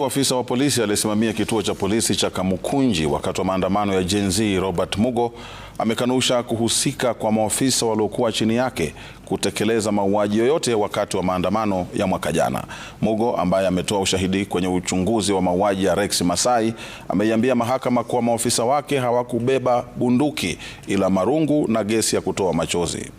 Mwinuko, afisa wa polisi aliyesimamia kituo cha polisi cha Kamukunji wakati wa maandamano ya Gen Z, Robert Mugo amekanusha kuhusika kwa maafisa waliokuwa chini yake kutekeleza mauaji yoyote wakati wa maandamano ya mwaka jana. Mugo ambaye ametoa ushahidi kwenye uchunguzi wa mauaji ya Rex Masai ameiambia mahakama kuwa maafisa wake hawakubeba bunduki ila marungu na gesi ya kutoa machozi.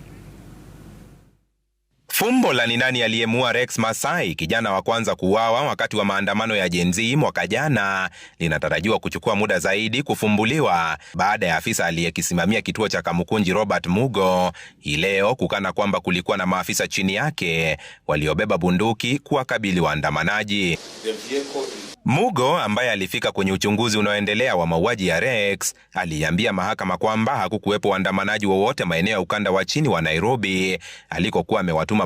Fumbo la ni nani aliyemuua Rex Masai, kijana wa kwanza kuuawa wakati wa maandamano ya Gen Z mwaka jana, linatarajiwa kuchukua muda zaidi kufumbuliwa baada ya afisa aliyekisimamia kituo cha Kamukunji Robert Mugo hii leo kukana kwamba kulikuwa na maafisa chini yake waliobeba bunduki kuwakabili waandamanaji. Mugo ambaye alifika kwenye uchunguzi unaoendelea wa mauaji ya Rex aliambia mahakama kwamba hakukuwepo waandamanaji wowote maeneo ya ukanda wa chini wa Nairobi alikokuwa amewatuma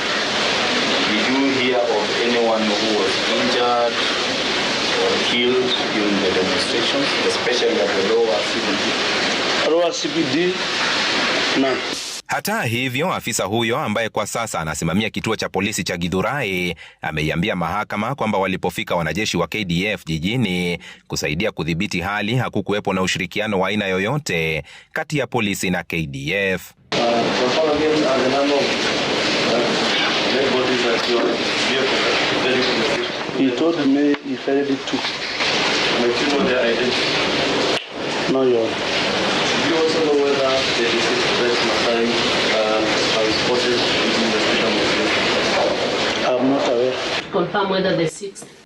anyone who was injured or killed during the demonstrations, especially at the lower CBD? Lower CBD? No. Hata hivyo afisa huyo ambaye kwa sasa anasimamia kituo cha polisi cha Githurai ameiambia mahakama kwamba walipofika wanajeshi wa KDF jijini kusaidia kudhibiti hali hakukuwepo na ushirikiano wa aina yoyote kati ya polisi na KDF. Uh, Il tourne, mais il fait de tout. Mais tu m'as arrêté. Non, il y a.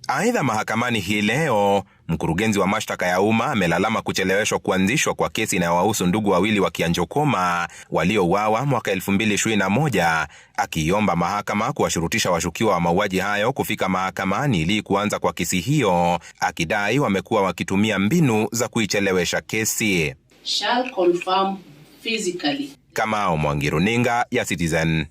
Aidha, mahakamani hii leo mkurugenzi wa mashtaka ya umma amelalama kucheleweshwa kuanzishwa kwa kesi inayowahusu ndugu wawili wa Kianjokoma waliouawa mwaka 2021 akiiomba mahakama kuwashurutisha washukiwa wa mauaji hayo kufika mahakamani ili kuanza kwa kesi hiyo, akidai wamekuwa wakitumia mbinu za kuichelewesha kesi. Kamau Mwangi, runinga ya Citizen.